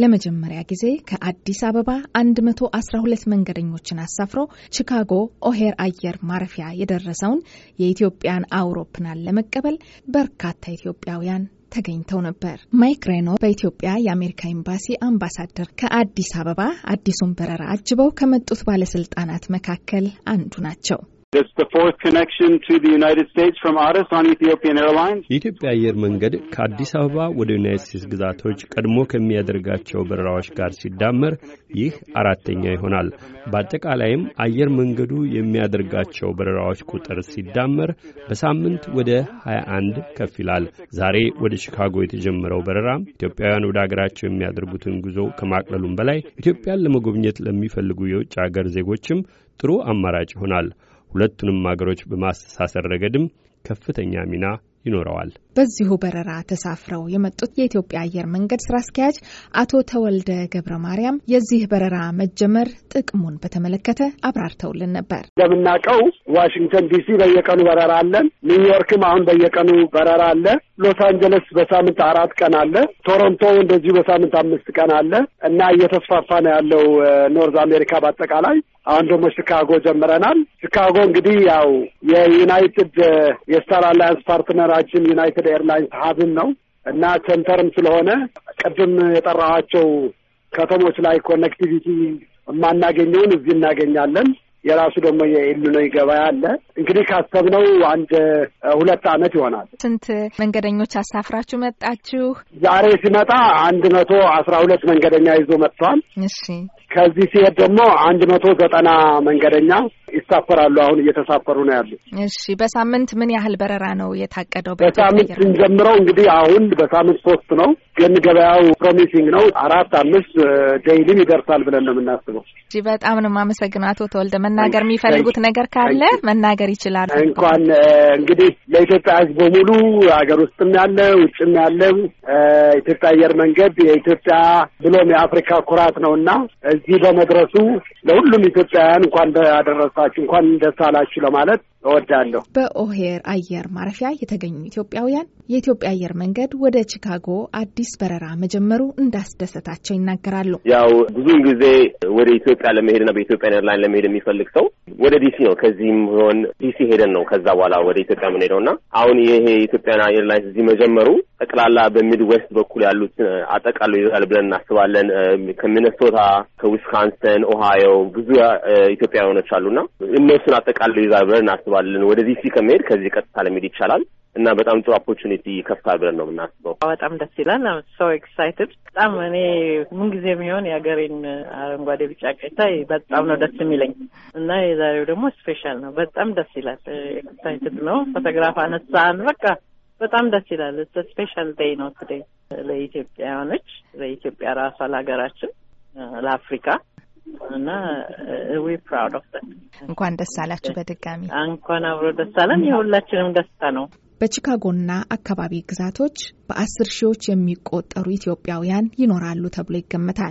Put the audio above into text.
ለመጀመሪያ ጊዜ ከአዲስ አበባ 112 መንገደኞችን አሳፍሮ ቺካጎ ኦሄር አየር ማረፊያ የደረሰውን የኢትዮጵያን አውሮፕላን ለመቀበል በርካታ ኢትዮጵያውያን ተገኝተው ነበር። ማይክ ሬኖ በኢትዮጵያ የአሜሪካ ኤምባሲ አምባሳደር ከአዲስ አበባ አዲሱን በረራ አጅበው ከመጡት ባለስልጣናት መካከል አንዱ ናቸው። የኢትዮጵያ አየር መንገድ ከአዲስ አበባ ወደ ዩናይት ስቴትስ ግዛቶች ቀድሞ ከሚያደርጋቸው በረራዎች ጋር ሲዳመር ይህ አራተኛ ይሆናል። በአጠቃላይም አየር መንገዱ የሚያደርጋቸው በረራዎች ቁጥር ሲዳመር በሳምንት ወደ 21 ከፍ ይላል። ዛሬ ወደ ሺካጎ የተጀመረው በረራ ኢትዮጵያውያን ወደ አገራቸው የሚያደርጉትን ጉዞ ከማቅለሉም በላይ ኢትዮጵያን ለመጎብኘት ለሚፈልጉ የውጭ አገር ዜጎችም ጥሩ አማራጭ ይሆናል። ሁለቱንም አገሮች በማስተሳሰር ረገድም ከፍተኛ ሚና ይኖረዋል። በዚሁ በረራ ተሳፍረው የመጡት የኢትዮጵያ አየር መንገድ ስራ አስኪያጅ አቶ ተወልደ ገብረ ማርያም የዚህ በረራ መጀመር ጥቅሙን በተመለከተ አብራርተውልን ነበር። እንደምናውቀው ዋሽንግተን ዲሲ በየቀኑ በረራ አለን። ኒውዮርክም አሁን በየቀኑ በረራ አለ። ሎስ አንጀለስ በሳምንት አራት ቀን አለ። ቶሮንቶ እንደዚሁ በሳምንት አምስት ቀን አለ እና እየተስፋፋ ነው ያለው ኖርዝ አሜሪካ በአጠቃላይ አሁን ደግሞ ቺካጎ ጀምረናል። ቺካጎ እንግዲህ ያው የዩናይትድ የስታር አላያንስ ፓርትነራችን ዩናይትድ ኤርላይንስ ሀብን ነው እና ሴንተርም ስለሆነ ቅድም የጠራኋቸው ከተሞች ላይ ኮኔክቲቪቲ የማናገኘውን እዚህ እናገኛለን። የራሱ ደግሞ የኢሉኖይ ገበያ አለ። እንግዲህ ካሰብነው አንድ ሁለት አመት ይሆናል። ስንት መንገደኞች አሳፍራችሁ መጣችሁ? ዛሬ ሲመጣ አንድ መቶ አስራ ሁለት መንገደኛ ይዞ መጥቷል። እሺ ከዚህ ሲሄድ ደግሞ አንድ መቶ ዘጠና መንገደኛ ይሳፈራሉ። አሁን እየተሳፈሩ ነው ያሉ። እሺ፣ በሳምንት ምን ያህል በረራ ነው የታቀደው? በሳምንት ስንጀምረው እንግዲህ አሁን በሳምንት ሶስት ነው፣ ግን ገበያው ፕሮሚሲንግ ነው። አራት አምስት ዴይሊም ይደርሳል ብለን ነው የምናስበው። እሺ፣ በጣም ነው የማመሰግነው አቶ ተወልደ። መናገር የሚፈልጉት ነገር ካለ መናገር ይችላል። እንኳን እንግዲህ ለኢትዮጵያ ሕዝብ በሙሉ ሀገር ውስጥም ያለ ውጭም ያለ ኢትዮጵያ አየር መንገድ የኢትዮጵያ ብሎም የአፍሪካ ኩራት ነው እና እዚህ በመድረሱ ለሁሉም ኢትዮጵያውያን እንኳን አደረሳችሁ እንኳን ደስ አላችሁ ለማለት እወዳለሁ። በኦሄር አየር ማረፊያ የተገኙ ኢትዮጵያውያን የኢትዮጵያ አየር መንገድ ወደ ቺካጎ አዲስ በረራ መጀመሩ እንዳስደሰታቸው ይናገራሉ። ያው ብዙውን ጊዜ ወደ ኢትዮጵያ ለመሄድና በኢትዮጵያ ኤርላይን ለመሄድ የሚፈልግ ሰው ወደ ዲሲ ነው። ከዚህም ሆን ዲሲ ሄደን ነው ከዛ በኋላ ወደ ኢትዮጵያ የምንሄደው እና አሁን ይሄ የኢትዮጵያ ኤርላይንስ እዚህ መጀመሩ ጠቅላላ በሚድ ዌስት በኩል ያሉት አጠቃሉ ይዛል ብለን እናስባለን። ከሚነሶታ፣ ከዊስካንሰን፣ ኦሃዮ ብዙ ኢትዮጵያውያኖች አሉና እነሱን አጠቃሉ ይዛል ብለን እናስባለን። እናስባለን። ወደዚህ ሲ ከመሄድ ከዚህ ቀጥታ ለመሄድ ይቻላል እና በጣም ጥሩ አፖርቹኒቲ ከፍታል ብለን ነው የምናስበው። በጣም ደስ ይላል። ሰው ኤክሳይትድ በጣም እኔ ምንጊዜ የሚሆን የሀገሬን አረንጓዴ ቢጫ ቀይታ በጣም ነው ደስ የሚለኝ እና የዛሬው ደግሞ ስፔሻል ነው። በጣም ደስ ይላል። ኤክሳይትድ ነው። ፎቶግራፍ አነሳን። በቃ በጣም ደስ ይላል። ስፔሻል ዴይ ነው ትዴይ ለኢትዮጵያውያኖች፣ ለኢትዮጵያ ራሷ፣ ለሀገራችን፣ ለአፍሪካ እና ዊ ፕራውድ ኦፍ እንኳን ደስ አላችሁ። በድጋሚ እንኳን አብሮ ደስ አለን። የሁላችንም ደስታ ነው። በቺካጎና አካባቢ ግዛቶች በአስር ሺዎች የሚቆጠሩ ኢትዮጵያውያን ይኖራሉ ተብሎ ይገመታል።